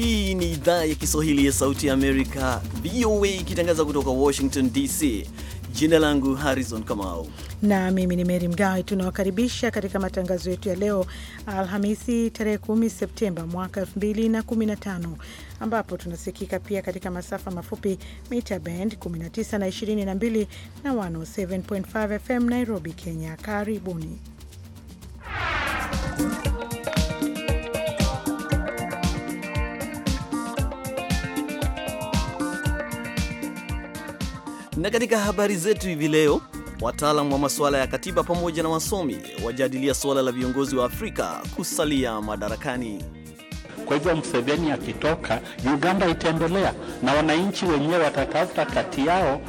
Hii ni idhaa ya Kiswahili ya Sauti ya Amerika, VOA, ikitangaza kutoka Washington DC. Jina langu Harrison Kamau na mimi ni Meri Mgawe. Tunawakaribisha katika matangazo yetu ya leo Alhamisi, tarehe 10 Septemba mwaka 2015 ambapo tunasikika pia katika masafa mafupi mita band 19 na 22 na 107.5 FM Nairobi, Kenya. Karibuni Na katika habari zetu hivi leo, wataalam wa masuala ya katiba pamoja na wasomi wajadilia suala la viongozi wa Afrika kusalia madarakani. Kwa hivyo Mseveni akitoka Uganda itaendelea na wananchi wenyewe watatafuta kati yao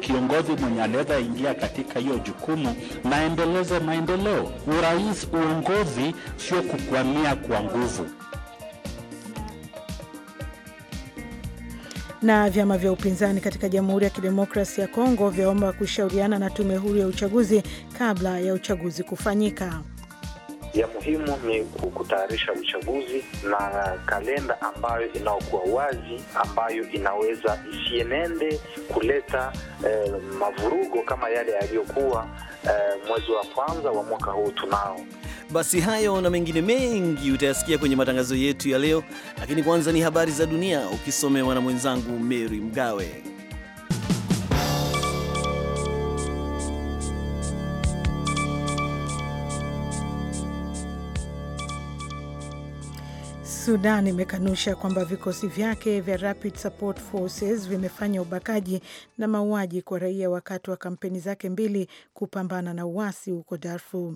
kiongozi mwenye anaweza ingia katika hiyo jukumu naendeleze maendeleo. Urais uongozi sio kukwamia kwa nguvu. na vyama vya upinzani katika Jamhuri ya Kidemokrasi ya Kongo vyaomba kushauriana na tume huru ya uchaguzi kabla ya uchaguzi kufanyika. Ya muhimu ni kutayarisha uchaguzi na kalenda ambayo inaokuwa wazi, ambayo inaweza isienende kuleta eh, mavurugo kama yale yaliyokuwa eh, mwezi wa kwanza wa mwaka huu tunao. Basi hayo na mengine mengi utayasikia kwenye matangazo yetu ya leo, lakini kwanza ni habari za dunia ukisomewa na mwenzangu Mary Mgawe. Sudan imekanusha kwamba vikosi vyake vya Rapid Support Forces vimefanya ubakaji na mauaji kwa raia wakati wa kampeni zake mbili kupambana na uasi huko Darfur.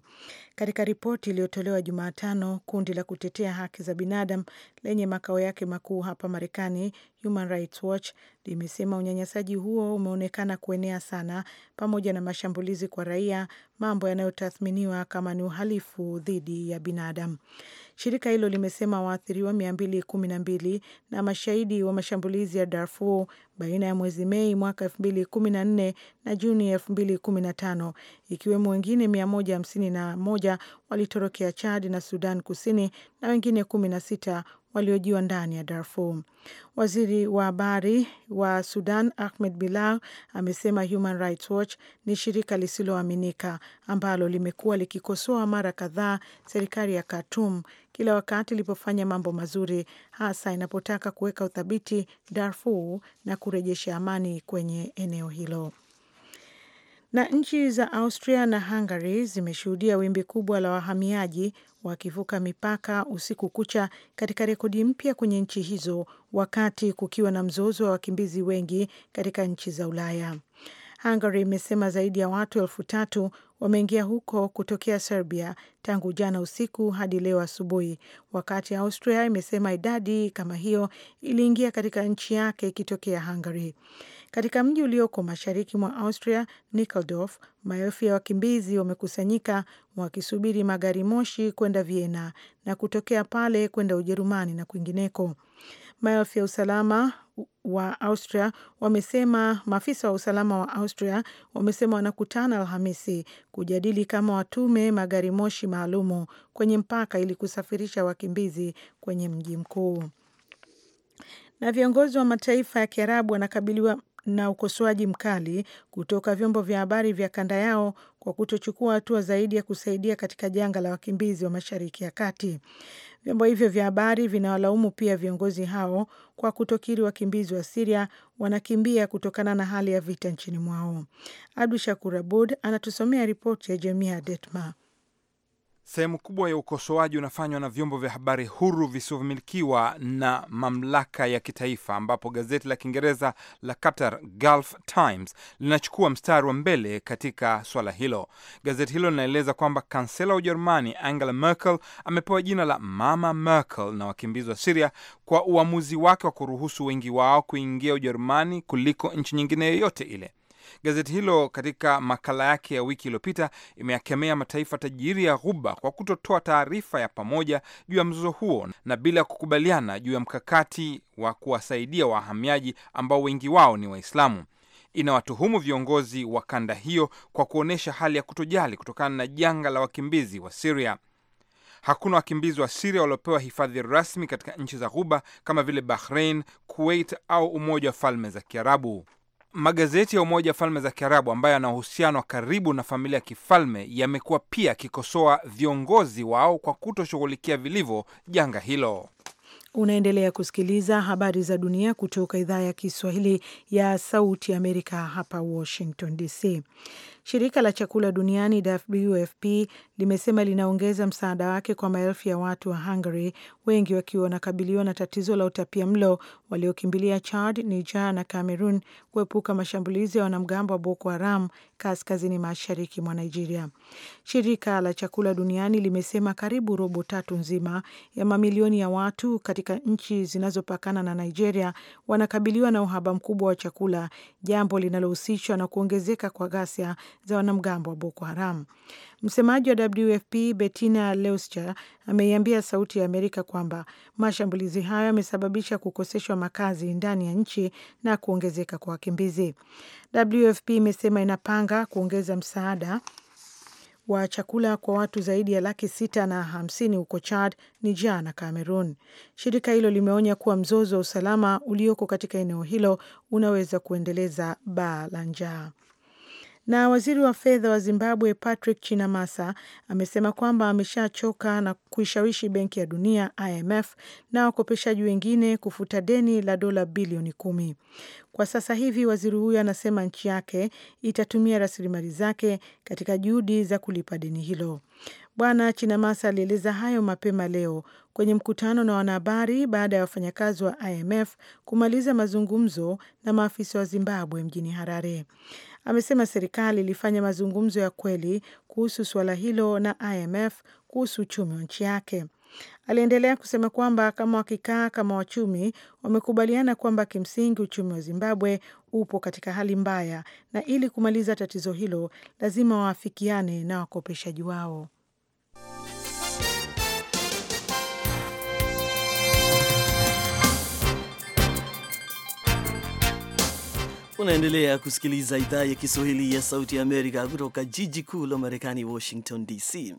Katika ripoti iliyotolewa Jumatano, kundi la kutetea haki za binadamu lenye makao yake makuu hapa Marekani Human Rights Watch limesema unyanyasaji huo umeonekana kuenea sana, pamoja na mashambulizi kwa raia, mambo yanayotathminiwa kama ni uhalifu dhidi ya binadamu. Shirika hilo limesema waathiriwa kumi na mashahidi wa mashambulizi ya Darfur baina ya mwezi Mei mwaka kumi na Juni tano ikiwemo wengine moja walitorokea Chad na Sudan Kusini na wengine sita waliojiwa ndani ya Darfur. Waziri wa habari wa Sudan Ahmed Bilal amesema Human Rights Watch ni shirika lisiloaminika ambalo limekuwa likikosoa mara kadhaa serikali ya Khartoum kila wakati ilipofanya mambo mazuri, hasa inapotaka kuweka uthabiti Darfur na kurejesha amani kwenye eneo hilo. Na nchi za Austria na Hungary zimeshuhudia wimbi kubwa la wahamiaji wakivuka mipaka usiku kucha katika rekodi mpya kwenye nchi hizo, wakati kukiwa na mzozo wa wakimbizi wengi katika nchi za Ulaya. Hungary imesema zaidi ya watu elfu tatu wameingia huko kutokea Serbia tangu jana usiku hadi leo asubuhi, wakati Austria imesema idadi kama hiyo iliingia katika nchi yake ikitokea Hungary. Katika mji ulioko mashariki mwa Austria, Nicoldorf, maelfu ya wakimbizi wamekusanyika wakisubiri magari moshi kwenda Vienna na kutokea pale kwenda Ujerumani na kwingineko. Maelfu ya usalama wa Austria wamesema, maafisa wa usalama wa Austria wamesema wanakutana Alhamisi kujadili kama watume magari moshi maalumu kwenye mpaka ili kusafirisha wakimbizi kwenye mji mkuu. Na viongozi wa mataifa ya Kiarabu wanakabiliwa na ukosoaji mkali kutoka vyombo vya habari vya kanda yao kwa kutochukua hatua zaidi ya kusaidia katika janga la wakimbizi wa Mashariki ya Kati. Vyombo hivyo vya habari vinawalaumu pia viongozi hao kwa kutokiri wakimbizi wa Siria wanakimbia kutokana na hali ya vita nchini mwao. Abdu Shakur Abud anatusomea ripoti ya Jemia Detma. Sehemu kubwa ya ukosoaji unafanywa na vyombo vya habari huru visivyomilikiwa na mamlaka ya kitaifa, ambapo gazeti la Kiingereza la Qatar Gulf Times linachukua mstari wa mbele katika swala hilo. Gazeti hilo linaeleza kwamba kansela wa Ujerumani Angela Merkel amepewa jina la Mama Merkel na wakimbizi wa Siria kwa uamuzi wake wa kuruhusu wengi wao kuingia Ujerumani kuliko nchi nyingine yoyote ile. Gazeti hilo katika makala yake ya wiki iliyopita imeyakemea mataifa tajiri ya Ghuba kwa kutotoa taarifa ya pamoja juu ya mzozo huo na bila kukubaliana juu ya mkakati wa kuwasaidia wahamiaji ambao wengi wao ni Waislamu. Inawatuhumu viongozi wa kanda hiyo kwa kuonyesha hali ya kutojali kutokana na janga la wakimbizi wa Siria. Hakuna wakimbizi wa Siria waliopewa hifadhi rasmi katika nchi za Ghuba kama vile Bahrain, Kuwait au Umoja wa Falme za Kiarabu. Magazeti ya Umoja wa Falme za Kiarabu ambayo yana uhusiano wa karibu na familia ya kifalme yamekuwa pia akikosoa viongozi wao kwa kutoshughulikia vilivyo janga hilo. Unaendelea kusikiliza habari za dunia kutoka idhaa ya Kiswahili ya Sauti Amerika hapa Washington DC. Shirika la chakula duniani WFP limesema linaongeza msaada wake kwa maelfu ya watu wa Hungary, wengi wakiwa wanakabiliwa na tatizo la utapia mlo, waliokimbilia Chad, Niger na Cameroon kuepuka mashambulizi ya wanamgambo wa Boko Haram kaskazini mashariki mwa Nigeria. Shirika la chakula duniani limesema karibu robo tatu nzima ya mamilioni ya watu katika nchi zinazopakana na Nigeria wanakabiliwa na uhaba mkubwa wa chakula, jambo linalohusishwa na kuongezeka kwa ghasia za wanamgambo wa Boko Haram. Msemaji wa WFP Bettina Leuscher ameiambia Sauti ya Amerika kwamba mashambulizi hayo yamesababisha kukoseshwa makazi ndani ya nchi na kuongezeka kwa wakimbizi. WFP imesema inapanga kuongeza msaada wa chakula kwa watu zaidi ya laki sita na hamsini huko Chad, Nija na Cameroon. Shirika hilo limeonya kuwa mzozo wa usalama ulioko katika eneo hilo unaweza kuendeleza baa la njaa. Na waziri wa fedha wa Zimbabwe Patrick Chinamasa amesema kwamba ameshachoka na kuishawishi Benki ya Dunia IMF na wakopeshaji wengine kufuta deni la dola bilioni kumi. Kwa sasa hivi, waziri huyo anasema nchi yake itatumia rasilimali zake katika juhudi za kulipa deni hilo. Bwana Chinamasa alieleza hayo mapema leo kwenye mkutano na wanahabari baada ya wafanyakazi wa IMF kumaliza mazungumzo na maafisa wa Zimbabwe mjini Harare amesema serikali ilifanya mazungumzo ya kweli kuhusu suala hilo na IMF kuhusu uchumi wa nchi yake. Aliendelea kusema kwamba kama wakikaa kama wachumi wamekubaliana kwamba kimsingi uchumi wa Zimbabwe upo katika hali mbaya, na ili kumaliza tatizo hilo lazima waafikiane na wakopeshaji wao. Unaendelea kusikiliza idhaa ya Kiswahili ya Sauti ya Amerika kutoka jiji kuu la Marekani, Washington DC.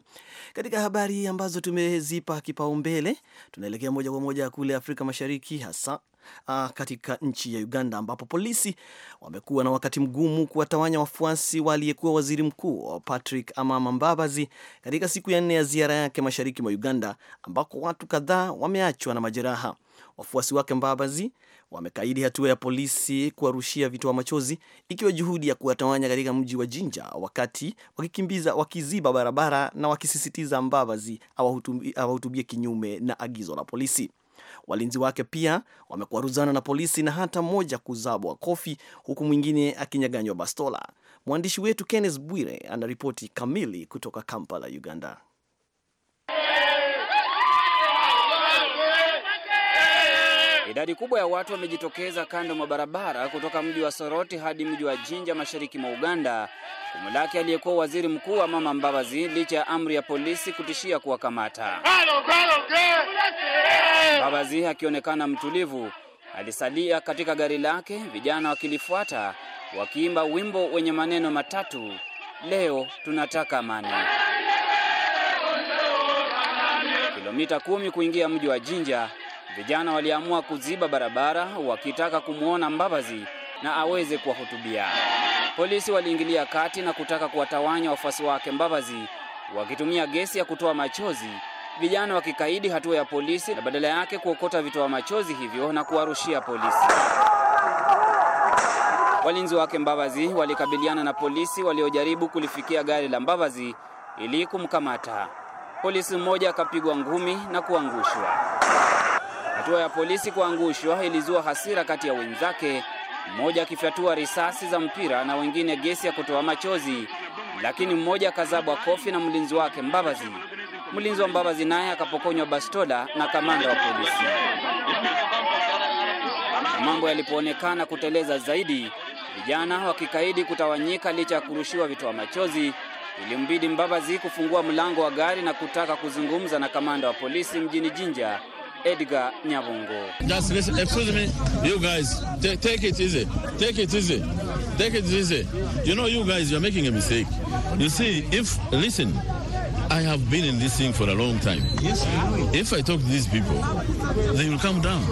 Katika habari ambazo tumezipa kipaumbele, tunaelekea moja kwa moja kule Afrika Mashariki, hasa a, ah, katika nchi ya Uganda ambapo polisi wamekuwa na wakati mgumu kuwatawanya wafuasi wa aliyekuwa waziri mkuu Patrick Amama Mbabazi katika siku ya nne ya ziara yake mashariki mwa Uganda, ambako watu kadhaa wameachwa na majeraha. Wafuasi wake Mbabazi wamekaidi hatua ya polisi kuwarushia vitoa machozi ikiwa juhudi ya kuwatawanya katika mji wa Jinja, wakati wakikimbiza wakiziba barabara na wakisisitiza Mbavazi awahutubie kinyume na agizo la polisi. Walinzi wake pia wamekuaruzana na polisi na hata mmoja kuzabwa kofi huku mwingine akinyaganywa bastola. Mwandishi wetu Kenneth Bwire anaripoti kamili kutoka Kampala, Uganda. Idadi kubwa ya watu wamejitokeza kando mwa barabara kutoka mji wa Soroti hadi mji wa Jinja mashariki mwa Uganda kumlaki aliyekuwa waziri mkuu wa Mama Mbabazi licha ya amri ya polisi kutishia kuwakamata. Mbabazi akionekana mtulivu, alisalia katika gari lake, vijana wakilifuata wakiimba wimbo wenye maneno matatu, leo tunataka amani. Kilomita kumi kuingia mji wa Jinja vijana waliamua kuziba barabara wakitaka kumwona Mbabazi na aweze kuwahutubia. Polisi waliingilia kati na kutaka kuwatawanya wafuasi wake Mbabazi wakitumia gesi ya kutoa machozi, vijana wakikaidi hatua ya polisi na badala yake kuokota vitoa machozi hivyo na kuwarushia polisi. Walinzi wake Mbabazi walikabiliana na polisi waliojaribu kulifikia gari la Mbabazi ili kumkamata. Polisi mmoja akapigwa ngumi na kuangushwa. Hatua ya polisi kuangushwa ilizua hasira kati ya wenzake, mmoja akifyatua risasi za mpira na wengine gesi ya kutoa machozi, lakini mmoja akazabwa kofi na mlinzi wake Mbabazi. Mlinzi wa Mbabazi naye akapokonywa bastola na kamanda wa polisi. mambo yalipoonekana kuteleza zaidi, vijana wakikaidi kutawanyika licha ya kurushiwa vitoa machozi, ilimbidi Mbabazi kufungua mlango wa gari na kutaka kuzungumza na kamanda wa polisi mjini Jinja Edgar Nyabungo. I have been in this thing for a long time. Yes, if I talk to these people, they will come down.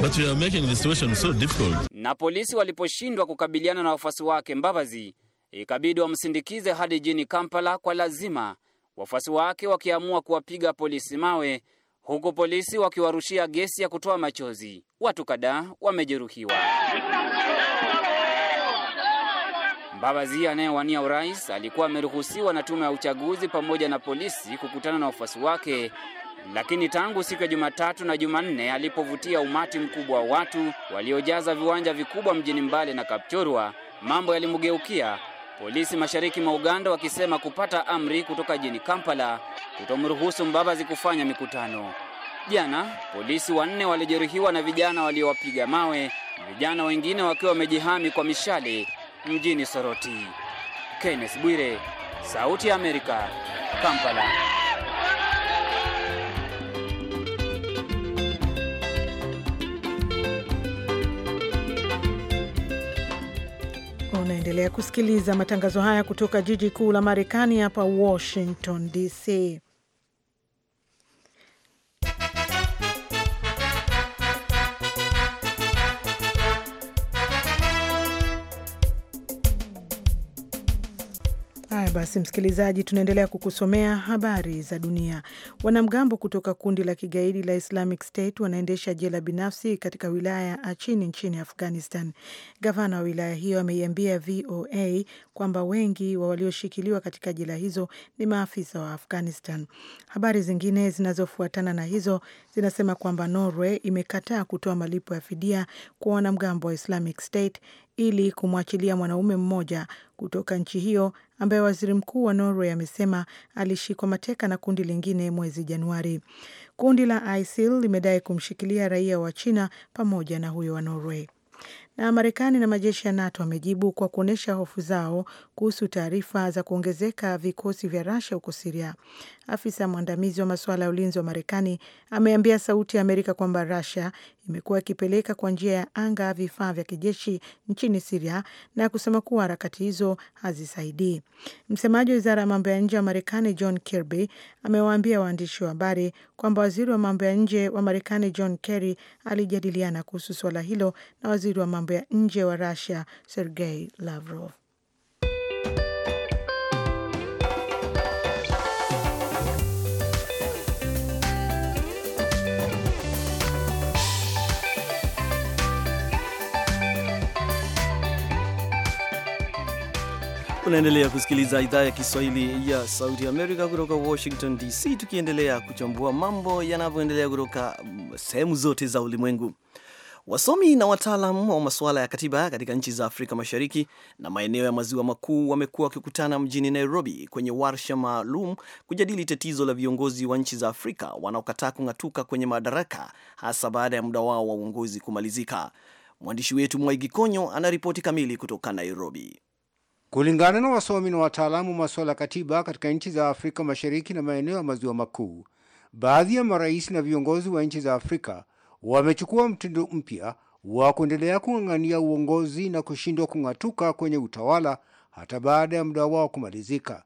But we are making the situation so difficult. Na polisi waliposhindwa kukabiliana na wafuasi wake Mbabazi, ikabidi wamsindikize hadi jini Kampala kwa lazima, wafuasi wake wakiamua kuwapiga polisi mawe huku polisi wakiwarushia gesi ya kutoa machozi. Watu kadhaa wamejeruhiwa. Mbabazi anayewania urais alikuwa ameruhusiwa na tume ya uchaguzi pamoja na polisi kukutana na wafuasi wake, lakini tangu siku ya Jumatatu na Jumanne alipovutia umati mkubwa wa watu waliojaza viwanja vikubwa mjini Mbale na Kapchorwa, mambo yalimgeukia Polisi mashariki mwa Uganda wakisema kupata amri kutoka jini Kampala kutomruhusu Mbabazi kufanya mikutano. Jana polisi wanne walijeruhiwa na vijana waliowapiga mawe, vijana wengine wakiwa wamejihami kwa mishale mjini Soroti. Kenneth Bwire, Sauti ya Amerika, Kampala. Unaendelea kusikiliza matangazo haya kutoka jiji kuu la Marekani, hapa Washington DC. basi, msikilizaji, tunaendelea kukusomea habari za dunia. Wanamgambo kutoka kundi la kigaidi la Islamic State wanaendesha jela binafsi katika wilaya ya Achini nchini Afghanistan. Gavana wa wilaya hiyo ameiambia VOA kwamba wengi wa walioshikiliwa katika jela hizo ni maafisa wa Afghanistan. Habari zingine zinazofuatana na hizo zinasema kwamba Norway imekataa kutoa malipo ya fidia kwa wanamgambo wa Islamic State ili kumwachilia mwanaume mmoja kutoka nchi hiyo ambaye waziri mkuu wa Norway amesema alishikwa mateka na kundi lingine mwezi Januari. Kundi la ISIL limedai kumshikilia raia wa China pamoja na huyo wa Norway. Na Marekani na majeshi ya NATO wamejibu kwa kuonyesha hofu zao kuhusu taarifa za kuongezeka vikosi vya Russia huko Siria. Afisa mwandamizi wa masuala ya ulinzi wa Marekani ameambia Sauti ya Amerika kwamba Rusia imekuwa ikipeleka kwa njia ya anga vifaa vya kijeshi nchini Siria na kusema kuwa harakati hizo hazisaidii. Msemaji wa wizara ya mambo ya nje wa Marekani John Kirby amewaambia waandishi wa habari kwamba waziri wa mambo ya nje wa Marekani John Kerry alijadiliana kuhusu suala hilo na waziri wa mambo ya nje wa Rusia Sergei Lavrov. Unaendelea kusikiliza idhaa ya Kiswahili ya Sauti ya Amerika kutoka Washington DC, tukiendelea kuchambua mambo yanavyoendelea kutoka sehemu zote za ulimwengu. Wasomi na wataalam wa masuala ya katiba katika nchi za Afrika Mashariki na maeneo ya maziwa makuu wamekuwa wakikutana mjini Nairobi kwenye warsha maalum kujadili tatizo la viongozi wa nchi za Afrika wanaokataa kung'atuka kwenye madaraka, hasa baada ya muda wao wa uongozi kumalizika. Mwandishi wetu Mwaigi Konyo anaripoti kamili kutoka Nairobi. Kulingana na wasomi na wataalamu masuala ya katiba katika nchi za Afrika Mashariki na maeneo ya Maziwa Makuu, baadhi ya marais na viongozi wa nchi za Afrika wamechukua mtindo mpya wa kuendelea kung'ang'ania uongozi na kushindwa kung'atuka kwenye utawala hata baada ya muda wao kumalizika.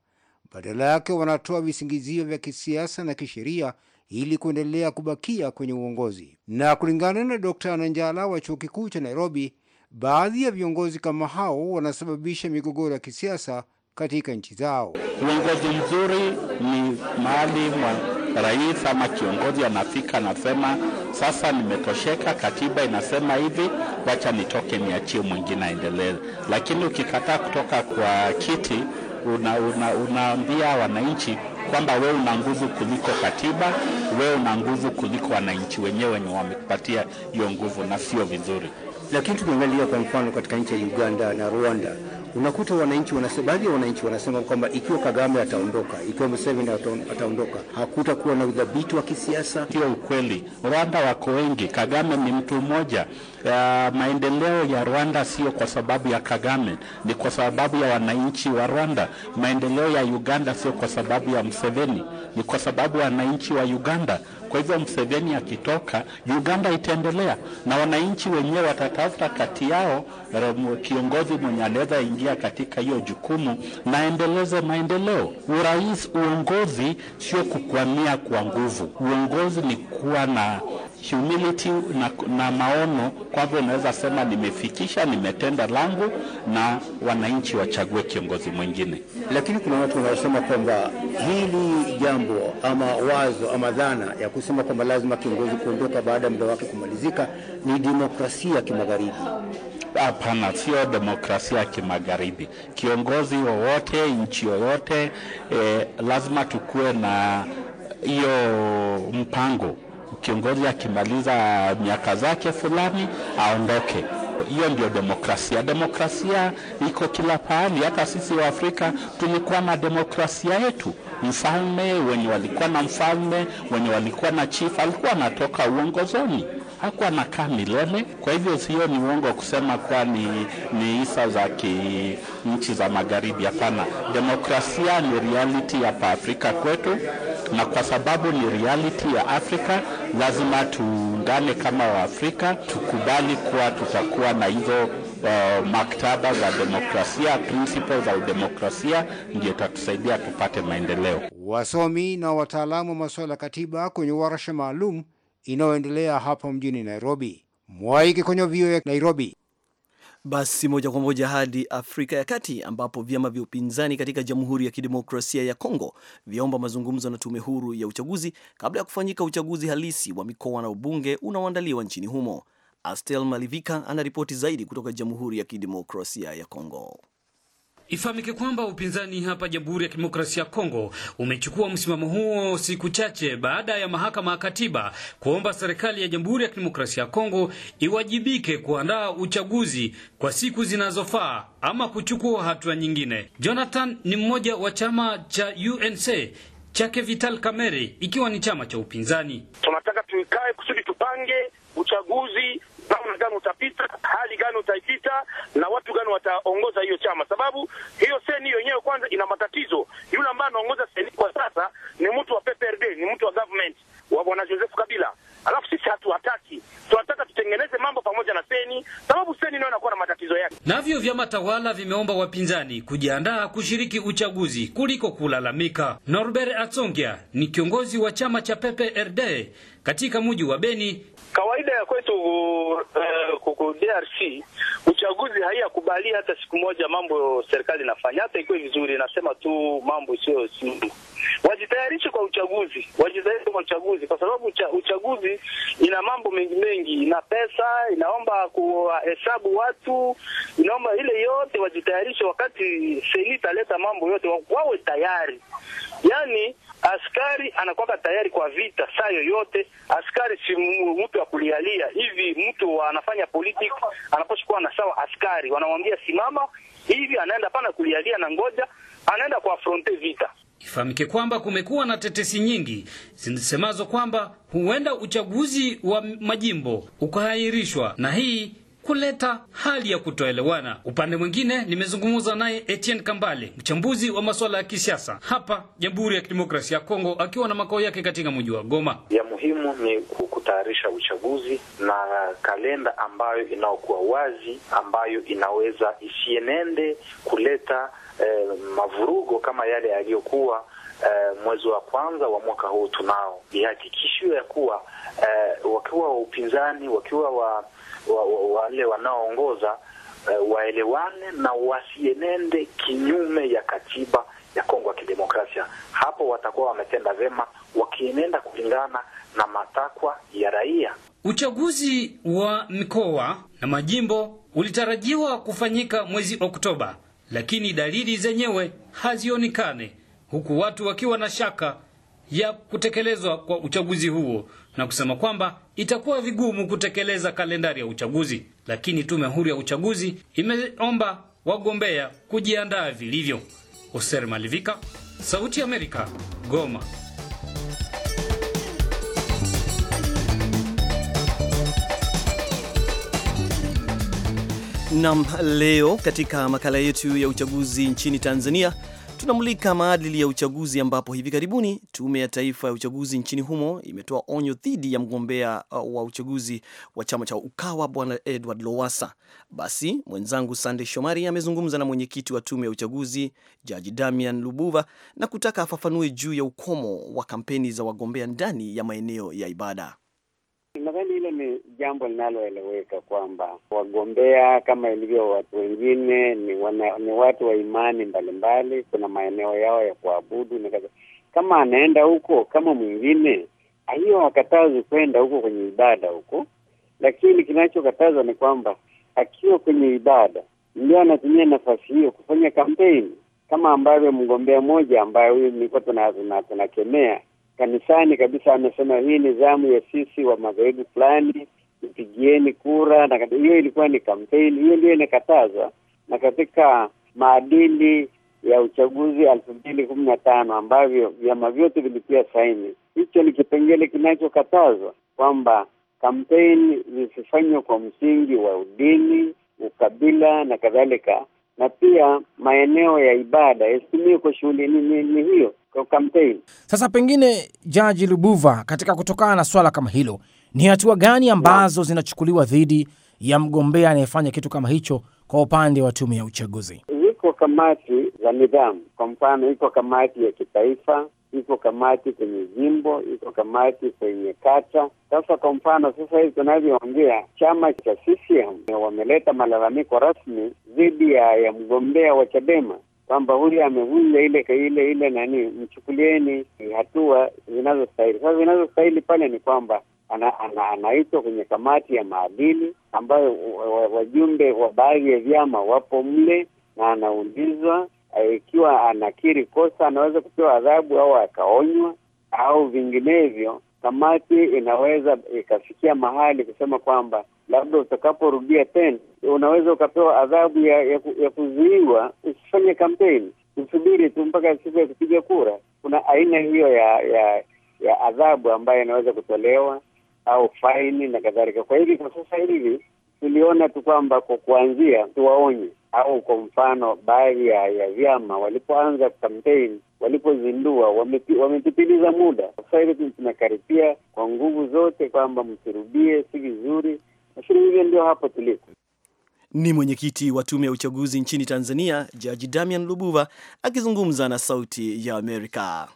Badala yake wanatoa visingizio vya kisiasa na kisheria ili kuendelea kubakia kwenye uongozi. Na kulingana na Dr. ananjala wa chuo kikuu cha Nairobi, baadhi ya viongozi kama hao wanasababisha migogoro ya kisiasa katika nchi zao. Uongozi mzuri ni mahali mwa rais ama kiongozi anafika, anasema sasa nimetosheka, katiba inasema hivi, wacha nitoke, niachie mwingine aendelee. Lakini ukikataa kutoka kwa kiti, unaambia una, una wananchi kwamba wewe una nguvu kuliko katiba, wewe una nguvu kuliko wananchi wenyewe wenye wamekupatia hiyo nguvu, na sio vizuri. Lakini tukiangalia kwa mfano katika nchi ya Uganda na Rwanda, unakuta wananchi wanasema, baadhi ya wananchi wanasema kwamba ikiwa Kagame ataondoka, ikiwa Museveni ataondoka, hakutakuwa na udhabiti wa kisiasa. Hiyo ukweli, Rwanda wako wengi, Kagame ni mtu mmoja. Uh, maendeleo ya Rwanda sio kwa sababu ya Kagame, ni kwa sababu ya wananchi wa Rwanda. Maendeleo ya Uganda sio kwa sababu ya Museveni, ni kwa sababu ya wananchi wa Uganda. Kwa hivyo Mseveni akitoka, Uganda itaendelea na wananchi wenyewe watatafuta kati yao eh, kiongozi mwenye anaweza ingia katika hiyo jukumu na endeleze maendeleo. Urais, uongozi sio kukwamia kwa nguvu. Uongozi ni kuwa na humility na, na maono kwamba unaweza sema nimefikisha, nimetenda langu, na wananchi wachague kiongozi mwingine. Lakini kuna watu wanaosema kwamba hili jambo ama wazo ama dhana ya kusema kwamba lazima kiongozi kuondoka baada ya muda wake kumalizika ni demokrasia ya kimagharibi. Hapana, sio demokrasia ya kimagharibi. Kiongozi wowote nchi yoyote eh, lazima tukuwe na hiyo mpango kiongozi akimaliza miaka zake fulani aondoke. Hiyo ndio demokrasia. Demokrasia iko kila pahali. Hata sisi wa Afrika tulikuwa na demokrasia yetu. Mfalme wenye walikuwa na mfalme wenye walikuwa na chief alikuwa anatoka uongozoni hakuwa nakaa Milele. Kwa hivyo sio ni uongo kusema kuwa ni, ni isa za nchi za magharibi. Hapana, demokrasia ni reality pa Afrika kwetu, na kwa sababu ni reality ya Afrika, lazima tuungane kama Waafrika, tukubali kuwa tutakuwa na hizo Uh, maktaba za demokrasia, principles za udemokrasia ndio tatusaidia tupate maendeleo. Wasomi na wataalamu wa masuala ya katiba kwenye warsha maalum inayoendelea hapo mjini Nairobi. Mwaiki kwenye vio ya Nairobi. Basi moja kwa moja hadi Afrika ya Kati, ambapo vyama vya upinzani katika Jamhuri ya Kidemokrasia ya Kongo vyaomba mazungumzo na tume huru ya uchaguzi kabla ya kufanyika uchaguzi halisi wa mikoa na ubunge unaoandaliwa nchini humo. Astel Malivika anaripoti zaidi kutoka Jamhuri ya Kidemokrasia ya Kongo. Ifahamike kwamba upinzani hapa Jamhuri ya Kidemokrasia ya Kongo umechukua msimamo huo siku chache baada ya mahakama ya katiba kuomba serikali ya Jamhuri ya Kidemokrasia ya Kongo iwajibike kuandaa uchaguzi kwa siku zinazofaa ama kuchukua hatua nyingine. Jonathan ni mmoja wa chama cha UNC chake Vital Kamerhe, ikiwa ni chama cha upinzani. Tunataka tuikae kusudi tupange uchaguzi namna gani utapita, hali gani utaipita, na watu gani wataongoza hiyo chama, sababu hiyo seni yenyewe kwanza ina matatizo. Yule ambaye anaongoza seni kwa sasa ni mtu wa PPRD, ni mtu wa government wa bwana Joseph Kabila tutengeneze mambo pamoja na seni, sababu seni nayo inakuwa na matatizo yake. Navyo vyama tawala vimeomba wapinzani kujiandaa kushiriki uchaguzi kuliko kulalamika. Norbert Atsongia ni kiongozi wa chama cha PPRD katika mji wa Beni. Kawaida ya kwetu uh, eh, DRC uchaguzi haiyakubali hata siku moja mambo serikali inafanya, hata ikuwe vizuri, nasema tu mambo isiyo wajitayarishe kwa uchaguzi, wajitayarishe kwa uchaguzi, kwa sababu ucha, uchaguzi ina mambo mengi mengi, ina pesa, inaomba kuwahesabu watu, inaomba ile yote. Wajitayarishe wakati seli italeta mambo yote, wawe tayari. Yani askari anakuwa tayari kwa vita saa yoyote. Askari si mtu wa kulialia hivi, mtu anafanya politiki anaposhikuwa na sawa, askari wanamwambia simama hivi, anaenda pana kulialia na ngoja, anaenda kuafronte vita. Ifahamike kwamba kumekuwa na tetesi nyingi zinasemazo kwamba huenda uchaguzi wa majimbo ukaahirishwa na hii kuleta hali ya kutoelewana. Upande mwingine, nimezungumza naye Etienne Kambale, mchambuzi wa masuala ya kisiasa hapa Jamhuri ya Kidemokrasia ya Kongo, akiwa na makao yake katika mji wa Goma. Ya muhimu ni kutayarisha uchaguzi na kalenda ambayo inaokuwa wazi, ambayo inaweza isienende kuleta eh, mavurugo kama yale yaliyokuwa eh, mwezi wa kwanza wa mwaka huu tunao ihakikishio ya kuwa eh, wakiwa wa upinzani wakiwa wa, wa, wa, wale wanaoongoza eh, waelewane na wasienende kinyume ya katiba ya Kongo ya Kidemokrasia. Hapo watakuwa wametenda vema wakienenda kulingana na matakwa ya raia. Uchaguzi wa mikoa na majimbo ulitarajiwa kufanyika mwezi Oktoba lakini dalili zenyewe hazionekane, huku watu wakiwa na shaka ya kutekelezwa kwa uchaguzi huo na kusema kwamba itakuwa vigumu kutekeleza kalendari ya uchaguzi. Lakini tume huru ya uchaguzi imeomba wagombea kujiandaa vilivyo. Oser Malivika, Sauti ya Amerika, Goma. Nam, leo katika makala yetu ya uchaguzi nchini Tanzania tunamulika maadili ya uchaguzi, ambapo hivi karibuni Tume ya Taifa ya Uchaguzi nchini humo imetoa onyo dhidi ya mgombea uh, wa uchaguzi wa chama cha Ukawa, Bwana Edward Lowasa. Basi mwenzangu Sande Shomari amezungumza na mwenyekiti wa Tume ya Uchaguzi Jaji Damian Lubuva na kutaka afafanue juu ya ukomo wa kampeni za wagombea ndani ya maeneo ya ibada. Nadhani hilo ni jambo linaloeleweka kwamba wagombea kama ilivyo watu wengine ni, wana, ni watu wa imani mbalimbali, kuna maeneo yao ya kuabudu na kama anaenda huko kama mwingine, hiyo akatazi kwenda huko kwenye ibada huko, lakini kinachokataza ni kwamba akiwa kwenye ibada ndio anatumia nafasi hiyo kufanya kampeni, kama ambavyo mgombea mmoja ambaye huyu nilikuwa tunakemea kanisani kabisa. Amesema hii ni zamu ya sisi wa madhehebu fulani, mpigieni kura. Na hiyo ilikuwa ni kampeni, hiyo ndio inakataza. Na katika maadili ya uchaguzi elfu mbili kumi na tano ambavyo vyama vyote vilitia saini, hicho ni kipengele kinachokatazwa kwamba kampeni zisifanywe kwa msingi wa udini, ukabila na kadhalika, na pia maeneo ya ibada yasitumie kwa shughuli ni, ni, ni hiyo sasa pengine, Jaji Lubuva, katika kutokana na swala kama hilo, ni hatua gani ambazo zinachukuliwa dhidi ya mgombea anayefanya kitu kama hicho kwa upande wa tume ya uchaguzi? ziko kamati za nidhamu, kwa mfano, iko kamati ya kitaifa iko kamati kwenye jimbo, iko kamati kwenye kata. Sasa kwa mfano, sasa hivi tunavyoongea, chama cha CCM wameleta malalamiko rasmi dhidi ya, ya mgombea wa Chadema kwamba huyu amevunja ile ile ile nani, mchukulieni hatua zinazostahili. Sasa zinazostahili pale ni kwamba ana, ana, anaitwa kwenye kamati ya maadili ambayo wajumbe wa baadhi ya vyama wapo mle, na anaulizwa eh, ikiwa anakiri kosa anaweza kupewa adhabu au akaonywa au vinginevyo, kamati inaweza ikafikia mahali kusema kwamba labda utakaporudia tena unaweza ukapewa adhabu ya ya, ya kuzuiwa usifanye kampeni, usubiri tu mpaka siku ya kupiga kura. Kuna aina hiyo ya ya ya adhabu ambayo inaweza kutolewa au faini na kadhalika. Kwa hivi kwa sasa hivi tuliona tu kwamba kwa kuanzia tuwaonye, au kwa mfano baadhi ya, ya vyama walipoanza kampeni, walipozindua wame muda. Sasa hivi tunakaribia kwa nguvu zote kwamba msirudie, si vizuri Nafikiri hivyo ndio hapo tulipo. Ni mwenyekiti wa tume ya uchaguzi nchini Tanzania, Jaji Damian Lubuva akizungumza na Sauti ya Amerika.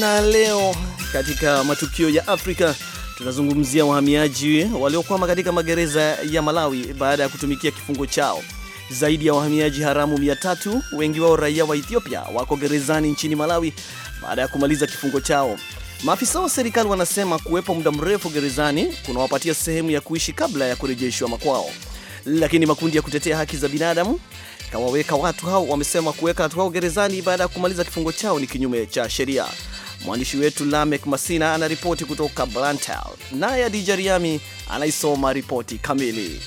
Na leo katika matukio ya Afrika tunazungumzia wahamiaji waliokwama katika magereza ya Malawi baada ya kutumikia kifungo chao. Zaidi ya wahamiaji haramu 300 wengi wao raia wa Ethiopia, wako gerezani nchini Malawi baada ya kumaliza kifungo chao. Maafisa wa serikali wanasema kuwepo muda mrefu gerezani kunawapatia sehemu ya kuishi kabla ya kurejeshwa makwao, lakini makundi ya kutetea haki za binadamu kawaweka watu hao wamesema kuweka watu hao gerezani baada ya kumaliza kifungo chao ni kinyume cha sheria. Mwandishi wetu Lamek Masina anaripoti kutoka Blantyre, naye Adija Riami anaisoma ripoti kamili.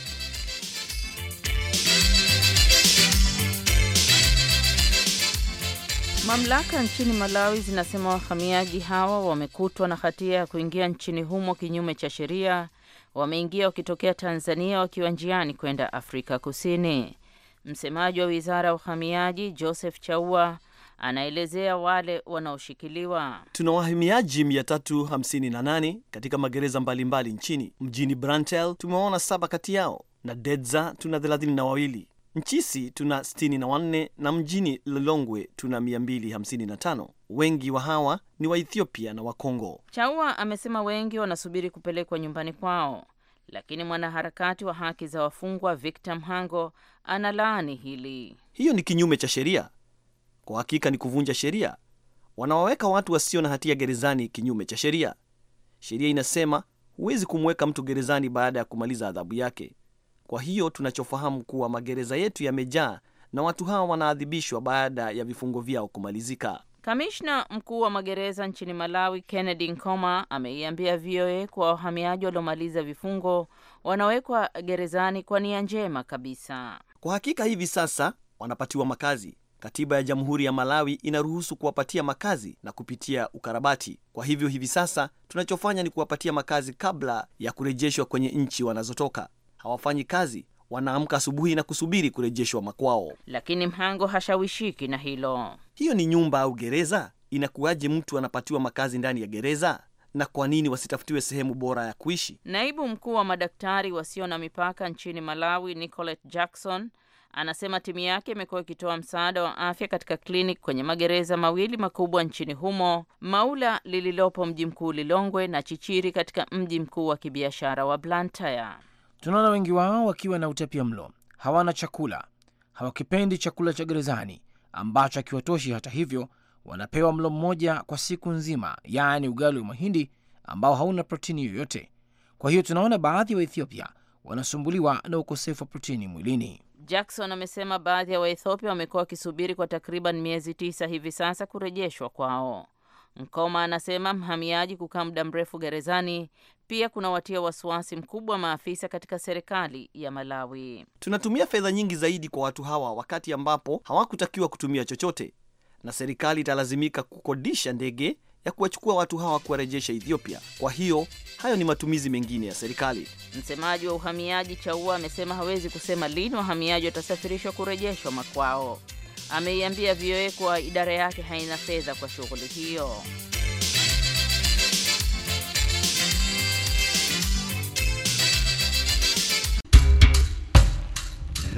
Mamlaka nchini Malawi zinasema wahamiaji hawa wamekutwa na hatia ya kuingia nchini humo kinyume cha sheria. Wameingia wakitokea Tanzania wakiwa njiani kwenda Afrika Kusini. Msemaji wa Wizara ya Uhamiaji Joseph Chaua anaelezea wale wanaoshikiliwa. Tuna wahamiaji 358 katika magereza mbalimbali mbali nchini. Mjini Brantel tumewaona saba kati yao na Dedza tuna thelathini na wawili Mchisi tuna 64 na mjini Lilongwe tuna 255. Wengi wa hawa ni Waethiopia na Wakongo. Chaua amesema wengi wanasubiri kupelekwa nyumbani kwao, lakini mwanaharakati wa haki za wafungwa Victor Mhango analaani hili. Hiyo ni kinyume cha sheria, kwa hakika ni kuvunja sheria. Wanawaweka watu wasio na hatia gerezani kinyume cha sheria. Sheria inasema huwezi kumweka mtu gerezani baada ya kumaliza adhabu yake. Kwa hiyo tunachofahamu kuwa magereza yetu yamejaa na watu hawa wanaadhibishwa baada ya vifungo vyao kumalizika. Kamishna mkuu wa magereza nchini Malawi, Kennedy Nkoma, ameiambia VOA kuwa wahamiaji waliomaliza vifungo wanawekwa gerezani kwa nia njema kabisa. Kwa hakika hivi sasa wanapatiwa makazi. Katiba ya Jamhuri ya Malawi inaruhusu kuwapatia makazi na kupitia ukarabati. Kwa hivyo hivi sasa tunachofanya ni kuwapatia makazi kabla ya kurejeshwa kwenye nchi wanazotoka hawafanyi kazi, wanaamka asubuhi na kusubiri kurejeshwa makwao. Lakini Mhango hashawishiki na hilo. Hiyo ni nyumba au gereza? Inakuwaje mtu anapatiwa makazi ndani ya gereza? Na kwa nini wasitafutiwe sehemu bora ya kuishi? Naibu mkuu wa madaktari wasio na mipaka nchini Malawi, Nicolette Jackson, anasema timu yake imekuwa ikitoa msaada wa afya katika kliniki kwenye magereza mawili makubwa nchini humo, Maula lililopo mji mkuu Lilongwe na Chichiri katika mji mkuu wa kibiashara wa Blantyre. Tunaona wengi wao wakiwa na utapia mlo, hawana chakula, hawakipendi chakula cha gerezani ambacho hakiwatoshi. Hata hivyo, wanapewa mlo mmoja kwa siku nzima, yaani ugali wa mahindi ambao hauna protini yoyote. Kwa hiyo tunaona baadhi ya wa Waethiopia wanasumbuliwa na ukosefu wa protini mwilini. Jackson amesema baadhi ya Waethiopia wamekuwa wakisubiri kwa takriban miezi tisa hivi sasa kurejeshwa kwao. Mkoma anasema mhamiaji kukaa muda mrefu gerezani pia kunawatia wasiwasi mkubwa maafisa katika serikali ya Malawi. Tunatumia fedha nyingi zaidi kwa watu hawa wakati ambapo hawakutakiwa kutumia chochote, na serikali italazimika kukodisha ndege ya kuwachukua watu hawa kuwarejesha Ethiopia. Kwa hiyo hayo ni matumizi mengine ya serikali. Msemaji wa uhamiaji Chaua amesema hawezi kusema lini wahamiaji watasafirishwa kurejeshwa makwao. Ameiambia VOA kuwa idara yake haina fedha kwa shughuli hiyo.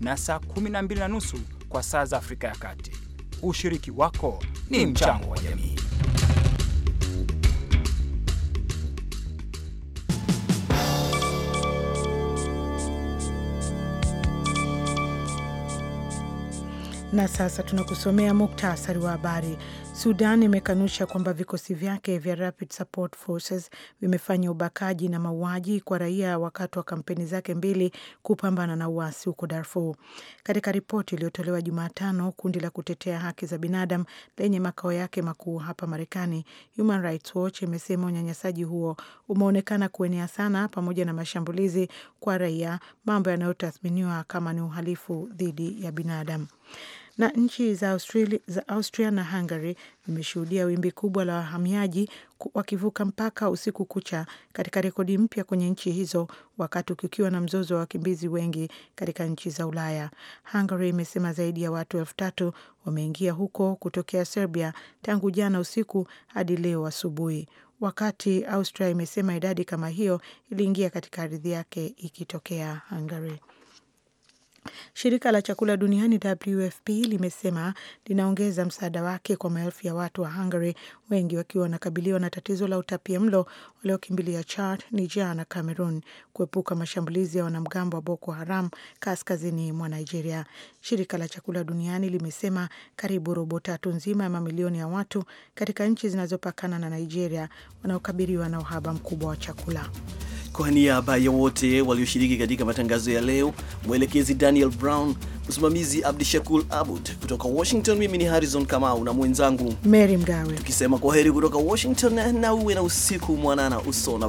na saa 12 na nusu kwa saa za Afrika ya Kati. Ushiriki wako ni mchango wa jamii. Na sasa tunakusomea muktasari wa habari. Sudan imekanusha kwamba vikosi vyake vya Rapid Support Forces vimefanya ubakaji na mauaji kwa raia wakati wa kampeni zake mbili kupambana na uasi huko Darfur. Katika ripoti iliyotolewa Jumatano, kundi la kutetea haki za binadamu lenye makao yake makuu hapa Marekani, Human Rights Watch imesema unyanyasaji huo umeonekana kuenea sana, pamoja na mashambulizi kwa raia, mambo yanayotathminiwa kama ni uhalifu dhidi ya binadamu na nchi za Austria, za Austria na Hungary zimeshuhudia wimbi kubwa la wahamiaji wakivuka mpaka usiku kucha katika rekodi mpya kwenye nchi hizo, wakati kukiwa na mzozo wa wakimbizi wengi katika nchi za Ulaya. Hungary imesema zaidi ya watu elfu tatu wameingia huko kutokea Serbia tangu jana usiku hadi leo asubuhi, wakati Austria imesema idadi kama hiyo iliingia katika ardhi yake ikitokea Hungary. Shirika la chakula duniani WFP limesema linaongeza msaada wake kwa maelfu ya watu wa Hungary, wengi wakiwa wanakabiliwa na tatizo la utapia mlo waliokimbilia Chad, Niger na Cameroon kuepuka mashambulizi ya wanamgambo wa Boko Haram kaskazini mwa Nigeria. Shirika la chakula duniani limesema karibu robo tatu nzima ya mamilioni ya watu katika nchi zinazopakana na Nigeria wanaokabiliwa na uhaba mkubwa wa chakula. Kwa niaba ya wote walioshiriki katika matangazo ya leo, mwelekezi Daniel Brown, msimamizi Shakul Abud kutoka Washington, mimi ni Harrison Kamau na mwenzangu Mary Mgawe, tukisema kwa heri kutoka Washington na uwe na usiku mwanana usona na